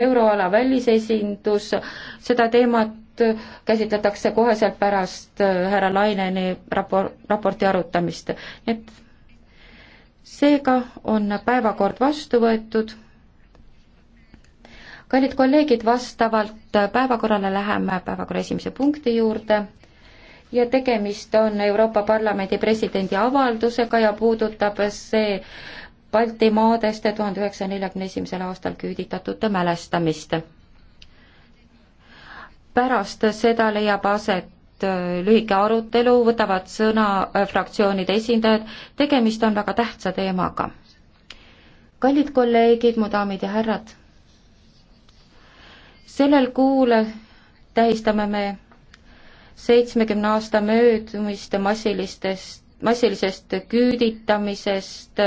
euroala välisesindus, seda teemat käsitletakse koheselt pärast äh, härra Laineni rapor-, raporti arutamist. et seega on päevakord vastu võetud. kallid kolleegid, vastavalt päevakorrale läheme päevakorra esimese punkti juurde ja tegemist on Euroopa Parlamendi presidendi avaldusega ja puudutab see Baltimaadest tuhande üheksasaja neljakümne esimesel aastal küüditatute mälestamist. pärast seda leiab aset äh, lühike arutelu, võtavad sõna äh, fraktsioonide esindajad, tegemist on väga tähtsa teemaga. kallid kolleegid, mu daamid ja härrad, sellel kuul tähistame me seitsmekümne aasta möödumist massilistest, massilisest küüditamisest,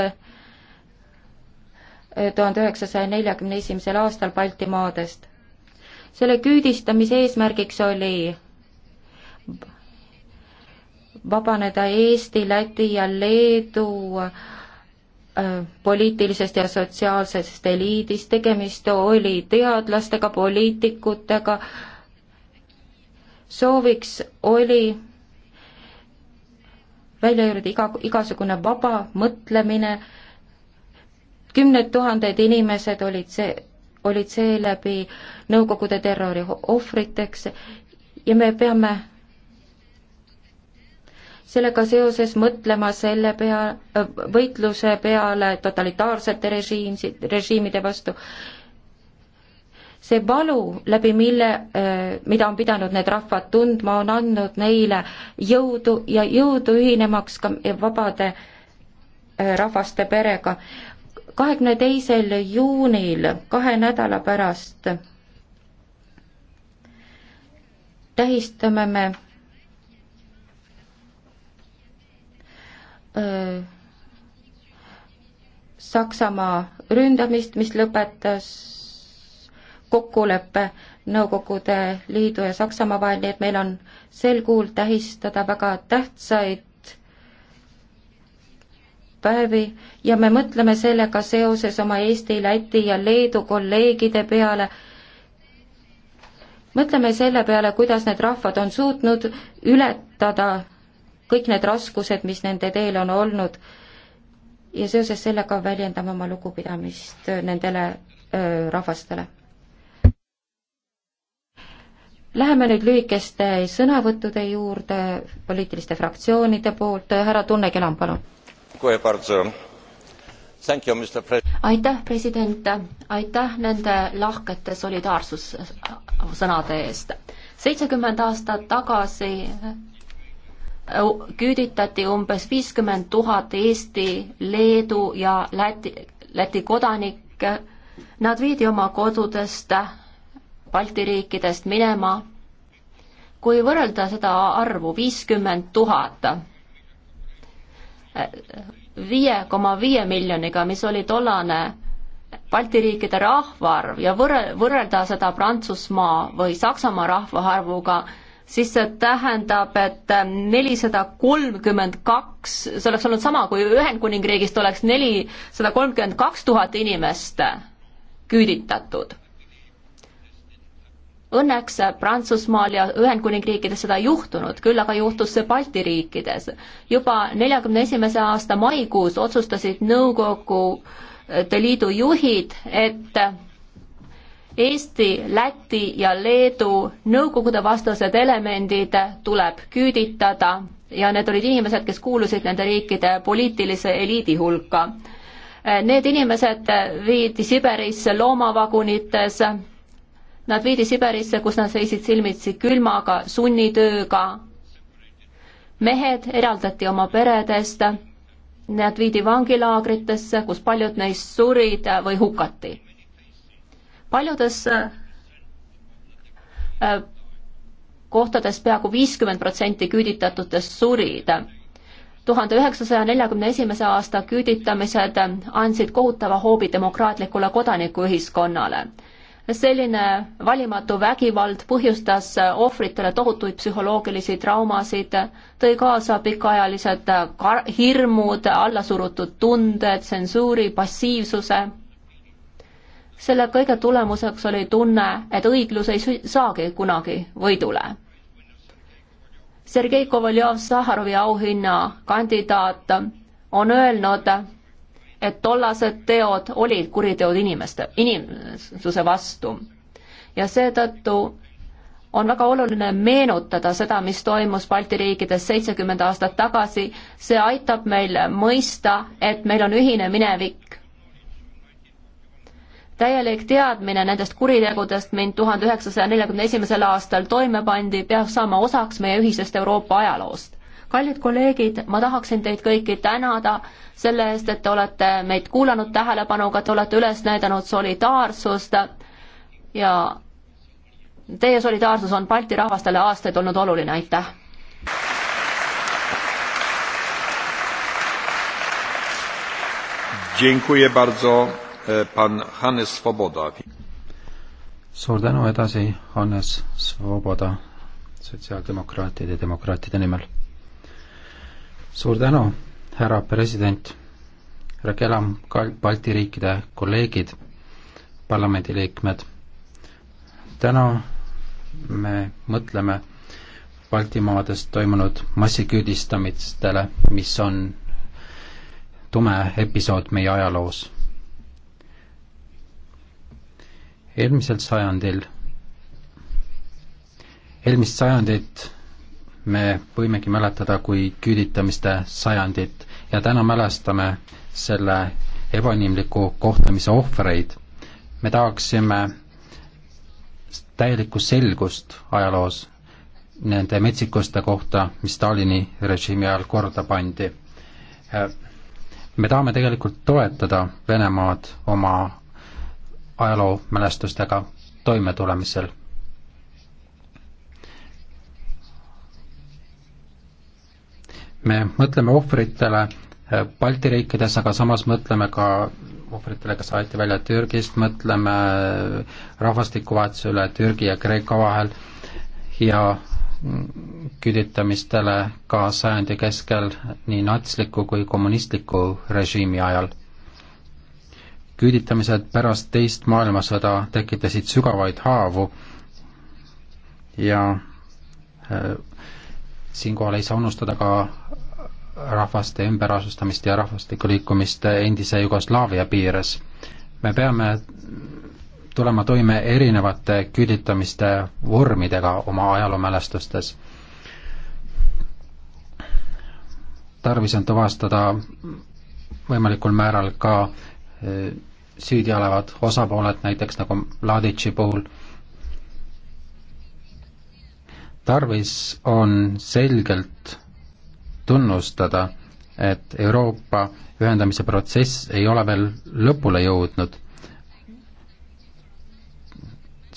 tuhande üheksasaja neljakümne esimesel aastal Baltimaadest. selle küüdistamise eesmärgiks oli vabaneda Eesti, Läti ja Leedu äh, poliitilisest ja sotsiaalsest eliidist, tegemist oli teadlastega, poliitikutega, sooviks oli välja juurde iga, igasugune vaba mõtlemine kümned tuhanded inimesed olid see, olid seeläbi Nõukogude terrori ohvriteks ja me peame sellega seoses mõtlema selle pea, võitluse peale totalitaarsete režiimsi, režiimide vastu. see valu, läbi mille, eh, mida on pidanud need rahvad tundma, on andnud neile jõudu ja jõudu ühinemaks ka vabade eh, rahvaste perega kahekümne teisel juunil, kahe nädala pärast tähistame me öö, Saksamaa ründamist, mis lõpetas kokkuleppe Nõukogude Liidu ja Saksamaa vahel, nii et meil on sel kuul tähistada väga tähtsaid päevi ja me mõtleme sellega seoses oma Eesti, Läti ja Leedu kolleegide peale. mõtleme selle peale, kuidas need rahvad on suutnud ületada kõik need raskused, mis nende teel on olnud. ja seoses sellega väljendame oma lugupidamist nendele öö, rahvastele. Läheme nüüd lühikeste sõnavõttude juurde poliitiliste fraktsioonide poolt, härra Tunne Kelam, palun aitäh, president, aitäh nende lahkete solidaarsussõnade eest. seitsekümmend aastat tagasi äh, küüditati umbes viiskümmend tuhat Eesti, Leedu ja Läti, Läti kodanikke. Nad viidi oma kodudest Balti riikidest minema. kui võrrelda seda arvu viiskümmend tuhat viie koma viie miljoniga, mis oli tollane Balti riikide rahvaarv ja võrre-, võrrelda seda Prantsusmaa või Saksamaa rahvaarvuga, siis see tähendab, et nelisada kolmkümmend kaks, see oleks olnud sama, kui Ühendkuningriigist oleks nelisada kolmkümmend kaks tuhat inimest küüditatud. Õnneks Prantsusmaal ja Ühendkuningriikides seda ei juhtunud, küll aga juhtus see Balti riikides. juba neljakümne esimese aasta maikuus otsustasid Nõukogude eh, Liidu juhid, et Eesti, Läti ja Leedu nõukogude vastased elemendid tuleb küüditada ja need olid inimesed, kes kuulusid nende riikide poliitilise eliidi hulka. Eh, need inimesed viidi Siberisse loomavagunites Nad viidi Siberisse, kus nad seisid silmitsi külmaga, sunnitööga. mehed eraldati oma peredest, nad viidi vangilaagritesse, kus paljud neist surid või hukati. paljudes äh, kohtades peaaegu viiskümmend protsenti küüditatutest surid tuhande üheksasaja neljakümne esimese aasta küüditamised andsid kohutava hoobi demokraatlikule kodanikuühiskonnale selline valimatu vägivald põhjustas ohvritele tohutuid psühholoogilisi traumasid, tõi kaasa pikaajalised hirmud, allasurutud tunded, tsensuuri, passiivsuse. selle kõige tulemuseks oli tunne, et õiglus ei saagi kunagi võidule. Sergei Kovaljov, Sahharovi auhinna kandidaat, on öelnud, et tollased teod olid kuriteod inimeste, inimsuse vastu. ja seetõttu on väga oluline meenutada seda, mis toimus Balti riikides seitsekümmend aastat tagasi, see aitab meil mõista, et meil on ühine minevik. täielik teadmine nendest kuritegudest mind tuhande üheksasaja neljakümne esimesel aastal toime pandi, peaks saama osaks meie ühisest Euroopa ajaloost kallid kolleegid, ma tahaksin teid kõiki tänada selle eest, et te olete meid kuulanud tähelepanuga, te olete üles näidanud solidaarsust ja teie solidaarsus on Balti rahvastele aastaid olnud oluline, aitäh! Dziękuję bardzo, e, pan Hannes Svoboda. suur tänu edasi, Hannes Svoboda sotsiaaldemokraatide ja demokraatide nimel suur tänu, härra president, härra Kelam, Balti riikide kolleegid, parlamendiliikmed. täna me mõtleme Baltimaades toimunud massiküüdistamistele, mis on tume episood meie ajaloos. eelmisel sajandil, eelmist sajandit me võimegi mäletada kui küüditamiste sajandit ja täna mälestame selle ebainimliku kohtlemise ohvreid. me tahaksime täielikku selgust ajaloos nende metsikuste kohta, mis Stalini režiimi ajal korda pandi. me tahame tegelikult toetada Venemaad oma ajaloomälestustega toimetulemisel me mõtleme ohvritele eh, Balti riikides, aga samas mõtleme ka ohvritele, kes aeti välja Türgist, mõtleme eh, rahvastikuvahetuse üle Türgi ja Kreeka vahel ja küüditamistele ka sajandi keskel nii natsliku kui kommunistliku režiimi ajal küüditamised pärast teist maailmasõda tekitasid sügavaid haavu ja äh, siinkohal ei saa unustada ka rahvaste ümberasustamist ja rahvastiku liikumist endise Jugoslaavia piires. me peame tulema toime erinevate küüditamiste vormidega oma ajaloomälestustes. tarvis on tuvastada võimalikul määral ka e, süüdi olevad osapooled, näiteks nagu Mladici puhul tarvis on selgelt tunnustada, et Euroopa ühendamise protsess ei ole veel lõpule jõudnud.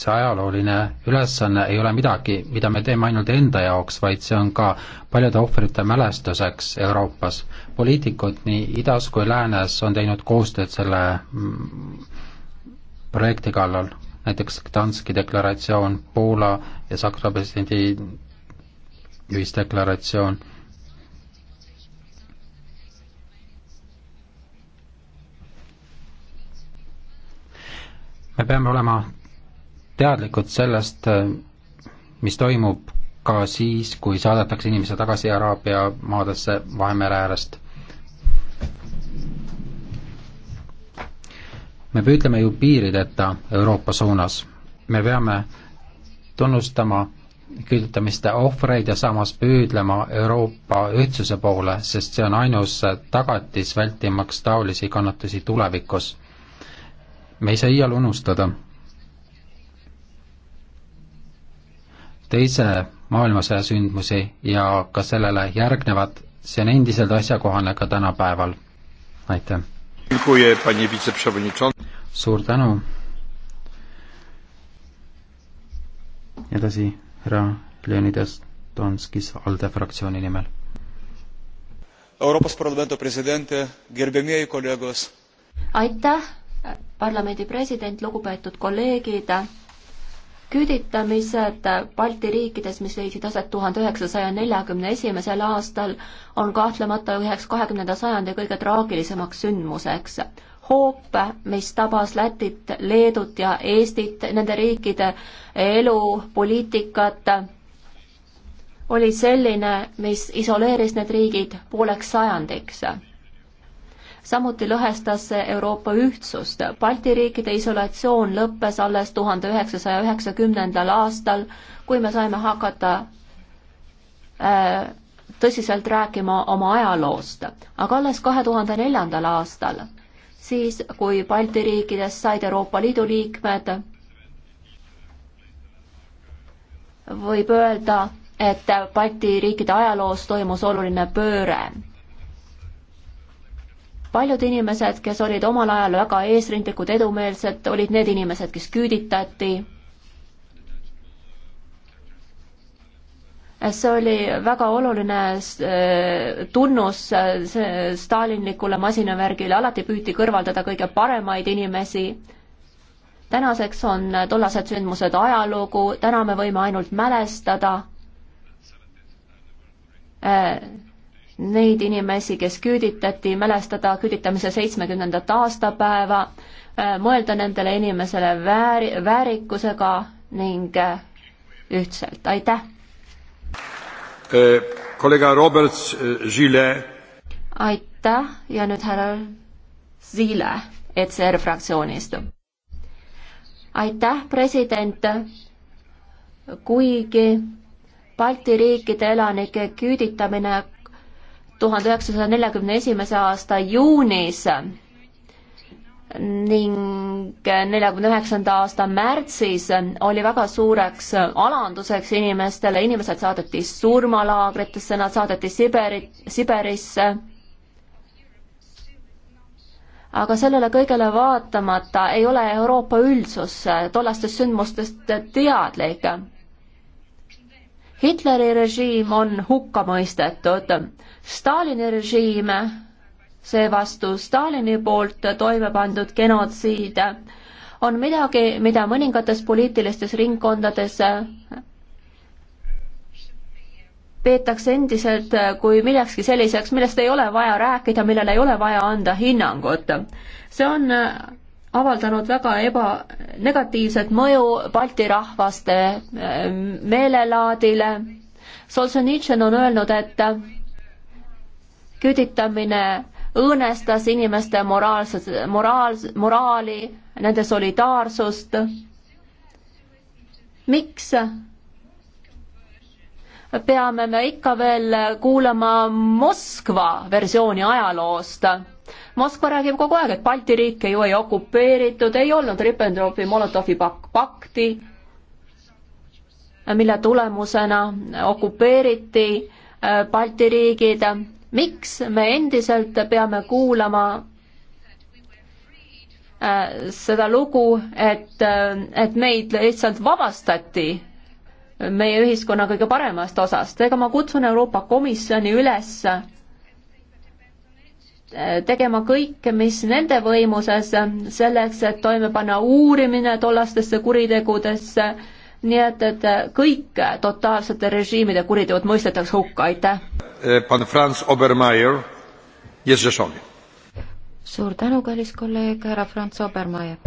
see ajalooline ülesanne ei ole midagi, mida me teeme ainult enda jaoks, vaid see on ka paljude ohvrite mälestuseks Euroopas. poliitikud nii idas kui läänes on teinud koostööd selle mm, projekti kallal, näiteks Gdanski deklaratsioon, Poola ja Saksa presidendi ühisdeklaratsioon me peame olema teadlikud sellest, äh, mis toimub ka siis, kui saadetakse inimesi tagasi Araabia maadesse Vahemere äärest. me püüdleme ju piirideta Euroopa suunas. me peame tunnustama küüditamiste ohvreid ja samas püüdlema Euroopa ühtsuse poole, sest see on ainus tagatis vältimaks taolisi kannatusi tulevikus me ei saa iial unustada teise maailmasõja sündmusi ja ka sellele järgnevat, see on endiselt asjakohane ka tänapäeval. aitäh! suur tänu! edasi härra Leonidas Donskis ALDE fraktsiooni nimel. Euroopas Parlamendi president, aitäh! parlamendi president, lugupeetud kolleegid, küüditamised Balti riikides, mis leidsid aset tuhande üheksasaja neljakümne esimesel aastal, on kahtlemata üheks kahekümnenda sajandi kõige traagilisemaks sündmuseks. hoop, mis tabas Lätit, Leedut ja Eestit, nende riikide elu, poliitikat, oli selline, mis isoleeris need riigid pooleks sajandiks samuti lõhestas see Euroopa ühtsust. Balti riikide isolatsioon lõppes alles tuhande üheksasaja üheksakümnendal aastal, kui me saime hakata äh, tõsiselt rääkima oma ajaloost, aga alles kahe tuhande neljandal aastal, siis kui Balti riikidest said Euroopa Liidu liikmed, võib öelda, et Balti riikide ajaloos toimus oluline pööre paljud inimesed, kes olid omal ajal väga eesrindlikud, edumeelsed, olid need inimesed, kes küüditati. see oli väga oluline äh, tunnus äh, stalinlikule masinavärgile, alati püüti kõrvaldada kõige paremaid inimesi tänaseks on tollased sündmused ajalugu, täna me võime ainult mälestada äh, neid inimesi, kes küüditati, mälestada küüditamise seitsmekümnendat aastapäeva, äh, mõelda nendele inimesele vääri, väärikusega ning äh, ühtselt, aitäh! Äh, kolleeg Robert Zile. aitäh ja nüüd härra Zile ECR fraktsioonist. aitäh, president! kuigi Balti riikide elanike küüditamine tuhande üheksasaja neljakümne esimese aasta juunis ning neljakümne üheksanda aasta märtsis oli väga suureks alanduseks inimestele, inimesed saadeti surmalaagritesse, nad saadeti Siberi, Siberisse. aga sellele kõigele vaatamata ei ole Euroopa üldsus tollastest sündmustest teadlik Hitleri režiim on hukka mõistetud. Stalini režiim, seevastu Stalini poolt toime pandud genotsiid on midagi, mida mõningates poliitilistes ringkondades peetakse endiselt kui millekski selliseks, millest ei ole vaja rääkida, millele ei ole vaja anda hinnangut. see on avaldanud väga eba, negatiivset mõju Balti rahvaste äh, meelelaadile. Solženitšin on öelnud, et küüditamine õõnestas inimeste moraalset, moraal, moraali, nende solidaarsust. miks peame me ikka veel kuulama Moskva versiooni ajaloost? Moskva räägib kogu aeg, et Balti riike ju ei okupeeritud, ei olnud Ribbentropi-Molotovi pak-, pakti, mille tulemusena okupeeriti äh, Balti riigid. miks me endiselt peame kuulama äh, seda lugu, et, äh, et meid lihtsalt vabastati meie ühiskonna kõige paremast osast, ega ma kutsun Euroopa Komisjoni üles tegema kõike, mis nende võimuses, selleks, et toime panna uurimine tollastesse kuritegudesse, nii et, et kõik totaalsete režiimide kuriteod mõistetaks hukka, aitäh. Eh, suur tänu, kallis kolleeg, härra Franz Obermeier.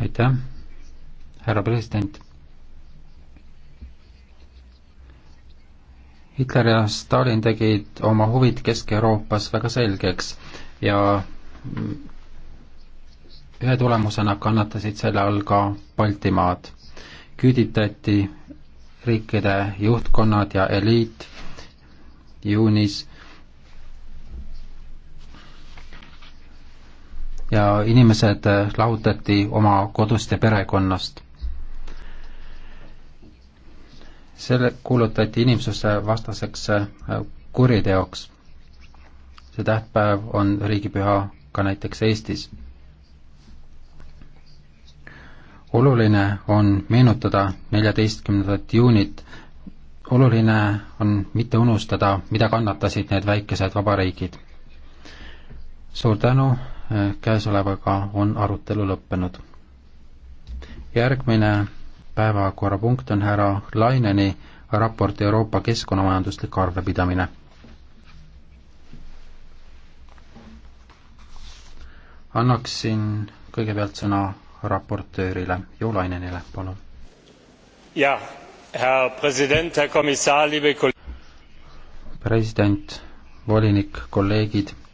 aitäh, härra president Hitler ja Stalin tegid oma huvid Kesk-Euroopas väga selgeks ja ühe tulemusena kannatasid selle all ka Baltimaad. küüditati riikide juhtkonnad ja eliit juunis ja inimesed lahutati oma kodust ja perekonnast. selle kuulutati inimsuse vastaseks äh, kuriteoks. see tähtpäev on riigipüha ka näiteks Eestis. oluline on meenutada neljateistkümnendat juunit, oluline on mitte unustada, mida kannatasid need väikesed vabariigid. suur tänu, äh, käesolevaga on arutelu lõppenud. järgmine päevakorrapunkt on härra Laineni raport Euroopa keskkonnamajanduslik arvepidamine. annaksin kõigepealt sõna raportöörile Jo Lainenile, palun. jah, härra president, härra komissar, liibe kolleegid. president, volinik, kolleegid